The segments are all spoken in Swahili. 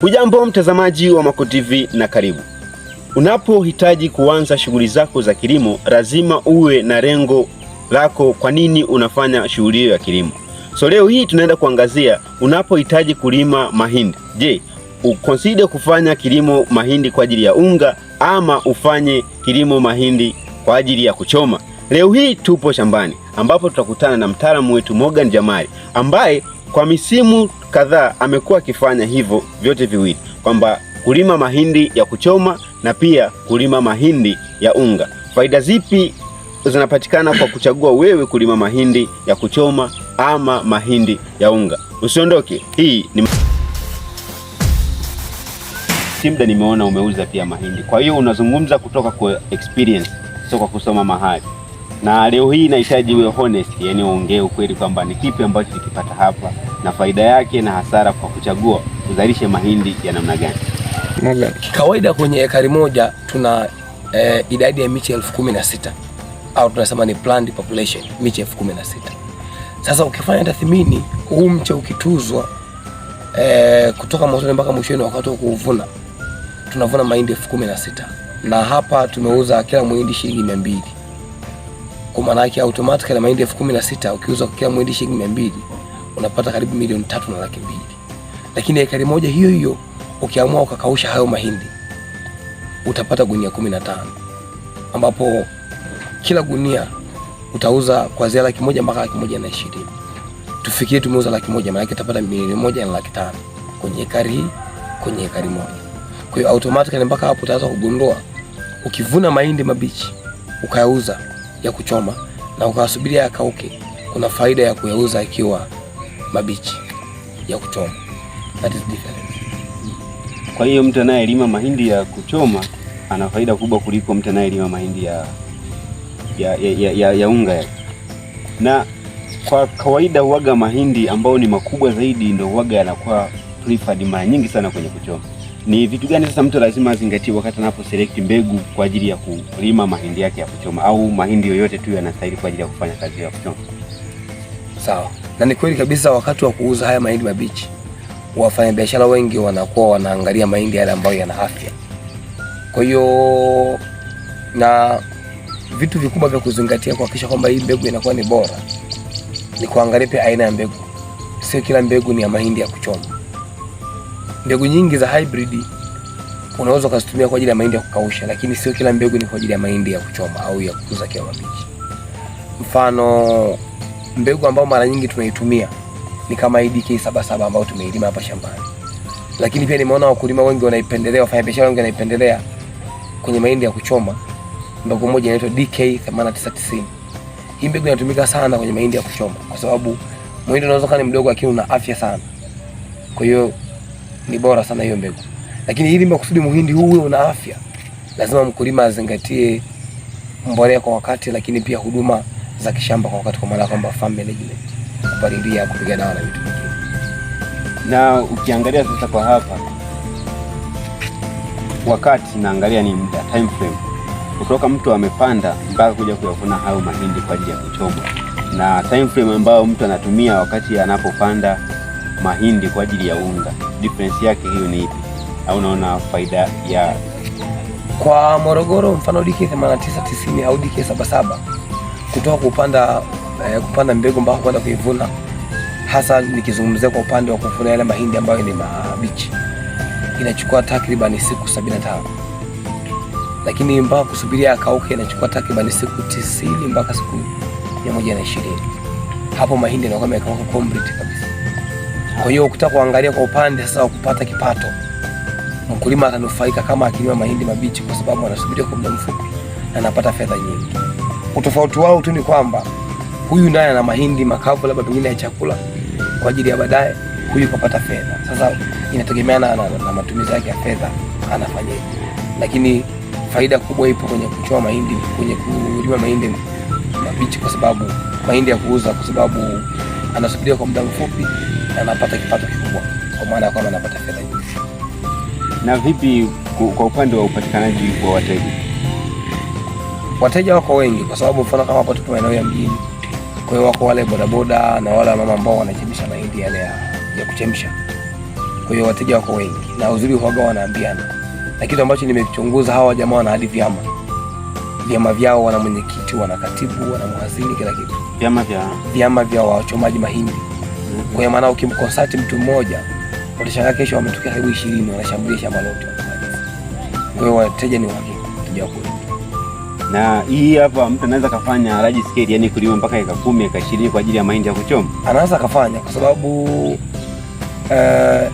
Hujambo mtazamaji wa Maco TV na karibu. Unapohitaji kuanza shughuli zako za kilimo, lazima uwe na lengo lako, kwa nini unafanya shughuli hiyo ya kilimo. So leo hii tunaenda kuangazia unapohitaji kulima mahindi. Je, ukonside kufanya kilimo mahindi kwa ajili ya unga ama ufanye kilimo mahindi kwa ajili ya kuchoma? Leo hii tupo shambani ambapo tutakutana na mtaalamu wetu Morgan Jamali ambaye kwa misimu kadhaa amekuwa akifanya hivyo vyote viwili, kwamba kulima mahindi ya kuchoma na pia kulima mahindi ya unga. Faida zipi zinapatikana kwa kuchagua wewe kulima mahindi ya kuchoma ama mahindi ya unga? Usiondoke, hii ni Simda. Nimeona umeuza pia mahindi, kwa hiyo unazungumza kutoka kwa experience, sio kwa kusoma mahali na leo hii nahitaji uwe honest, yani uongee ukweli kwamba ni kipi ambacho nikipata hapa na faida yake na hasara kwa kuchagua uzalishe mahindi ya namna gani. kawaida kwenye ekari moja tuna eh, idadi ya miche elfu kumi na sita au tunasema ni planned population miche elfu kumi na sita. Sasa ukifanya tathmini huu mche ukituzwa eh, kutoka mwanzoni mpaka mwishoni wakati wa kuvuna tunavuna mahindi elfu kumi na sita na hapa tumeuza kila muhindi shilingi mia mbili kwa maana yake automatically mahindi elfu kumi na sita ukiuza kwa kila mwezi shilingi mia mbili unapata karibu milioni tatu na laki mbili. Lakini ekari moja hiyo hiyo ukiamua ukakausha hayo mahindi utapata gunia kumi na tano ambapo kila gunia utauza kuanzia laki moja mpaka laki moja na ishirini. tufikie tumeuza laki moja, maana utapata milioni moja na laki tano kwenye ekari hii, kwenye ekari moja. Kwa hiyo automatically mpaka hapo utaanza kugundua, ukivuna mahindi mabichi ukayauza ya kuchoma na ukawasubiria yakauke, kuna faida ya kuyauza ikiwa mabichi ya kuchoma. That is different. Kwa hiyo mtu anayelima mahindi ya kuchoma ana faida kubwa kuliko mtu anayelima mahindi ya, ya, ya, ya, ya unga ya. Na kwa kawaida huaga mahindi ambayo ni makubwa zaidi ndio huaga yanakuwa preferred mara nyingi sana kwenye kuchoma. Ni vitu gani sasa mtu lazima azingatie wakati anapo select mbegu kwa ajili ya kulima mahindi yake ya kuchoma au mahindi yoyote tu yanastahili kwa ajili ya kufanya kazi ya kuchoma? Sawa. Na ni kweli kabisa, wakati wa kuuza haya mahindi mabichi, wafanyabiashara wengi wanakuwa wanaangalia mahindi yale ambayo yana afya. Kwa hiyo na vitu vikubwa vya kuzingatia kuhakikisha kwamba hii mbegu inakuwa ni bora ni kuangalia pia aina ya mbegu. Sio kila mbegu ni ya mahindi ya kuchoma. Mbegu nyingi za hybrid unaweza ukazitumia kwa ajili ya mahindi ya kukausha, lakini sio kila mbegu ni kwa ajili ya mahindi ya kuchoma au ya kukuza kiwa mabichi. Mfano, mbegu ambayo mara nyingi tunaitumia ni kama IDK 77 ambayo tumeilima hapa shambani, lakini pia nimeona wakulima wengi wanaipendelea, wafanya biashara wengi wanaipendelea kwenye mahindi ya kuchoma. Mbegu moja inaitwa DK 8990. Hii mbegu inatumika sana kwenye mahindi ya kuchoma kwa sababu mahindi unaweza kuwa ni mdogo, lakini una afya sana, kwa hiyo ni bora sana hiyo mbegu. Lakini ili makusudi muhindi huu una afya, lazima mkulima azingatie mbolea kwa wakati, lakini pia huduma za kishamba kwa wakati, kwa maana kwamba farm management, kupalilia, kupiga dawa na vitu vingine. Na ukiangalia sasa kwa hapa, wakati naangalia ni muda, time frame kutoka mtu amepanda mpaka kuja kuyavuna hayo mahindi kwa ajili ya kuchoma, na time frame ambayo mtu anatumia wakati anapopanda mahindi kwa ajili ya unga difference yake hiyo ni ipi, au unaona faida ya kwa Morogoro mfano DK 8990 au DK 77 kutoka kupanda eh, kupanda mbegu mpaka kwenda kuivuna, hasa nikizungumzia kwa upande wa kuvuna yale mahindi ambayo ni mabichi, inachukua takriban siku 75 lakini mpaka kusubiria akauke inachukua takriban siku 90 mpaka siku 120. Hapo mahindi yanakuwa yamekauka complete kabisa. Kwa hiyo ukitaka kuangalia kwa upande sasa wa kupata kipato, mkulima atanufaika kama akilima mahindi mabichi, kwa sababu anasubiria kwa muda mfupi na anapata fedha nyingi. Utofauti wao tu ni kwamba huyu naye ana mahindi makavu, labda pengine ya chakula kwa ajili ya baadaye, huyu kapata fedha. Sasa inategemeana na, na matumizi yake ya fedha anafanyaje, lakini faida kubwa ipo kwenye kuchoma mahindi, kwenye kulima mahindi mabichi, kwa sababu mahindi ya kuuza, kwa sababu anasubiria kwa muda mfupi na anapata kipato kikubwa, kwa maana ya kwamba anapata fedha nyingi. Na vipi kwa upande wa upatikanaji wa wateja? Wateja wako wengi, kwa sababu mfano kama hapo tupo maeneo ya mjini, kwa hiyo wako wale bodaboda na wale mama ambao wanachemsha mahindi yale ya kuchemsha. Kwa hiyo wateja wako wengi na uzuri huaga wanaambiana, na kitu ambacho nimechunguza, hawa jamaa wana hadi vyama vyama vyao, wana mwenyekiti, wana katibu, wana mhazini, kila kitu vyama vya vyama vya wachomaji mahindi mm -hmm. Kwa maana ukimkonsati mtu mmoja utashangaa kesho wametokea karibu 20 wanashambulia shamba lote. Kwa hiyo wateja ni wake tujao. Na hii hapa mtu anaweza kafanya large scale, yani kulima mpaka eka 10 eka 20 kwa ajili ya mahindi ya kuchoma. Anaweza kafanya kwa sababu uh,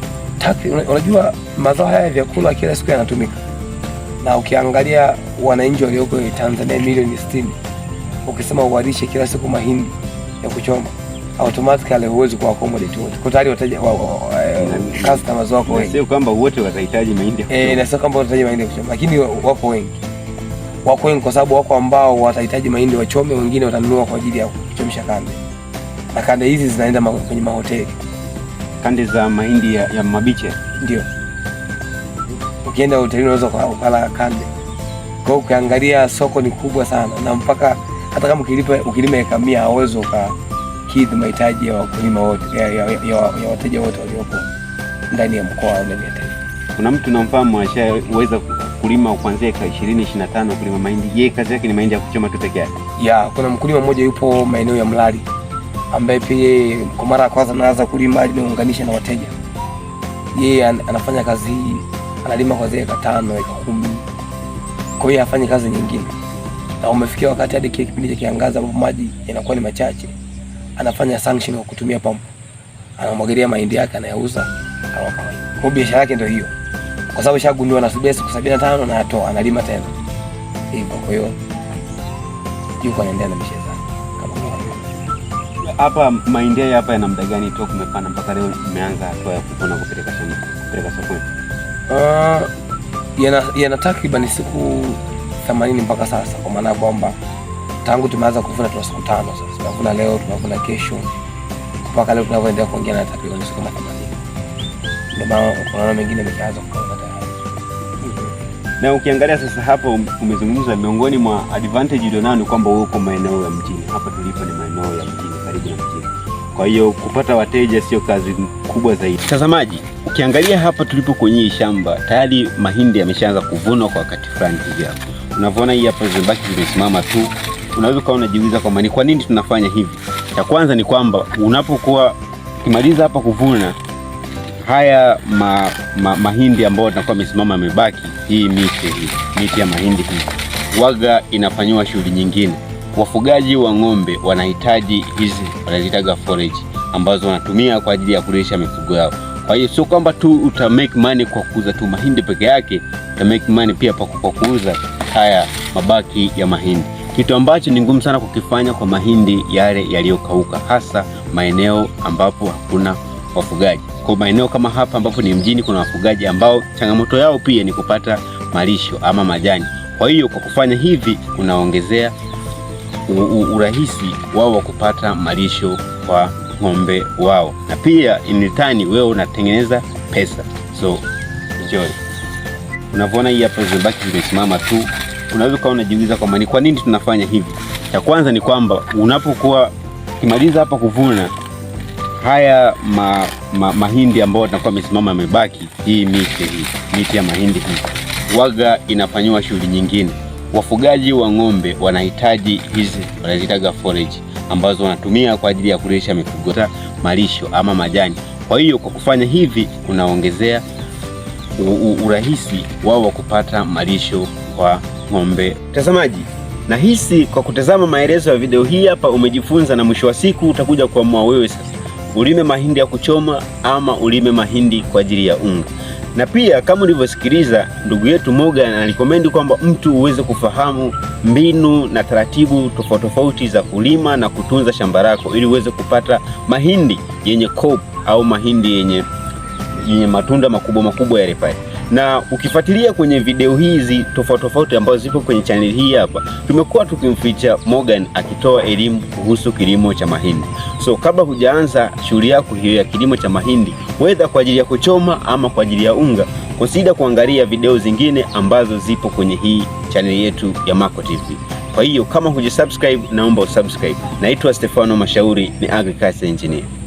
uh, unajua mazao haya ya vyakula kila siku yanatumika, na ukiangalia wananchi walioko Tanzania milioni 60 ukisema uwarishe kila siku mahindi ya kuchoma automatically huwezi kuwa accommodate wote kwa tayari wateja wa, eh, customers wako wengi, sio kwamba wote watahitaji mahindi eh, na sio kwamba watahitaji mahindi ya kuchoma, lakini wako wengi, wako wengi kwa sababu wako ambao watahitaji mahindi wachome, wengine watanunua kwa ajili ya kuchemsha kande, na kande hizi zinaenda kwenye mahoteli, kande za mahindi ya, ya mabiche. Ndio ukienda hotelini unaweza ukala kande. Kwa ukiangalia soko ni kubwa sana na mpaka hata kama ukilipa ukilima eka mia hauwezi ukakidhi mahitaji ya wakulima wote ya, ya, ya, ya ya wateja wote waliopo ndani ya mkoa au ndani ya taifa. Kuna mtu namfahamu ashaweza kulima kuanzia eka ishirini ishirini na tano kulima mahindi. Je, kazi yake ni mahindi ya kuchoma tu peke yake? Ya, kuna mkulima mmoja yupo maeneo ya Mlali ambaye pia kwa mara ya kwanza anaanza kulima aliniunganisha na wateja. Yeye anafanya kazi hii, analima kuanzia eka tano eka kumi, kwa hiyo afanye kazi nyingine na umefikia wakati hadi kile kipindi cha kiangaza ambapo maji yanakuwa ni machache, anafanya sanction kwa kutumia pump, anamwagilia mahindi yake, anayauza. kama Kwa biashara yake ndio hiyo, kwa sababu shagundua na subesi kwa sabini na tano na atoa analima tena hivyo. Kwa hiyo yuko anaendelea na biashara hapa. Mahindi haya hapa yana muda gani toka umepanda mpaka leo umeanza hatua ya kuvuna kupeleka shamba kupeleka sokoni? Uh, yana, yana takriban siku themanini mpaka sasa, kwa maana kwamba tangu tumeanza kuvuna tuna siku tano sasa. Tunavuna leo, tunavuna kesho, mpaka leo tunavyoendelea kuongea na takriban siku kama themanini. Ndio maana kuna mengine yameanza kukaona tayari. Na ukiangalia sasa hapo umezungumza, miongoni mwa advantage ilionayo ni kwamba wewe uko maeneo ya mjini. Hapa tulipo ni maeneo ya mjini, karibu na mjini, kwa hiyo kupata wateja sio kazi kubwa zaidi. Mtazamaji, ukiangalia hapa tulipo kwenye shamba tayari mahindi yameshaanza kuvunwa kwa wakati fulani hivi hapo Unavyoona hii hapa zimebaki zimesimama tu. Unaweza ukawa unajiuliza kwamba ni kwa nini tunafanya hivi. Cha kwanza ni kwamba unapokuwa ukimaliza hapa kuvuna haya ma, ma, mahindi ambayo yanakuwa amesimama yamebaki, hii miti hii miti ya mahindi hii waga inafanyiwa shughuli nyingine. Wafugaji wa ng'ombe wanahitaji hizi, wanazitaga forage ambazo wanatumia kwa ajili ya kulisha mifugo yao. Kwa hiyo sio kwamba tu uta make money kwa kuuza tu mahindi peke yake, uta make money pia kwa kuuza haya mabaki ya mahindi, kitu ambacho ni ngumu sana kukifanya kwa mahindi yale yaliyokauka, hasa maeneo ambapo hakuna wafugaji. Kwa maeneo kama hapa ambapo ni mjini, kuna wafugaji ambao changamoto yao pia ni kupata malisho ama majani. Kwa hiyo kwa kufanya hivi unaongezea urahisi wao wa kupata malisho kwa ng'ombe wao, na pia in return wewe unatengeneza pesa. So enjoy. Unavyoona hii hapa zimebaki zimesimama tu unaweza ukawa unajiuliza kwamba ni kwa nini tunafanya hivi. Cha kwanza ni kwamba unapokuwa ukimaliza hapa kuvuna haya ma, ma, mahindi ambayo atakuwa amesimama yamebaki, hii miti hii miti ya mahindi hii waga inafanyiwa shughuli nyingine. Wafugaji wa ng'ombe wanahitaji hizi wanazitaga forage ambazo wanatumia kwa ajili ya kulisha mifugo malisho ama majani. Kwa hiyo kwa kufanya hivi unaongezea urahisi wao wa kupata malisho kwa ng'ombe. Mtazamaji, nahisi kwa kutazama maelezo ya video hii hapa umejifunza, na mwisho wa siku utakuja kuamua wewe sasa ulime mahindi ya kuchoma ama ulime mahindi kwa ajili ya unga. Na pia kama ulivyosikiliza ndugu yetu Moga alikomendi kwamba mtu uweze kufahamu mbinu na taratibu tofauti tofauti za kulima na kutunza shamba lako ili uweze kupata mahindi yenye kob au mahindi yenye, yenye matunda makubwa makubwa yale pale na ukifuatilia kwenye video hizi tofauti tofauti ambazo zipo kwenye chaneli hii hapa, tumekuwa tukimficha Morgan akitoa elimu kuhusu kilimo cha mahindi. So kabla hujaanza shughuli yako hiyo ya kilimo cha mahindi, wedha kwa ajili ya kuchoma ama kwa ajili ya unga, konsida kuangalia video zingine ambazo zipo kwenye hii chaneli yetu ya Maco TV. Kwa hiyo kama hujisubscribe, naomba usubscribe. Naitwa Stefano Mashauri, ni agriculture engineer.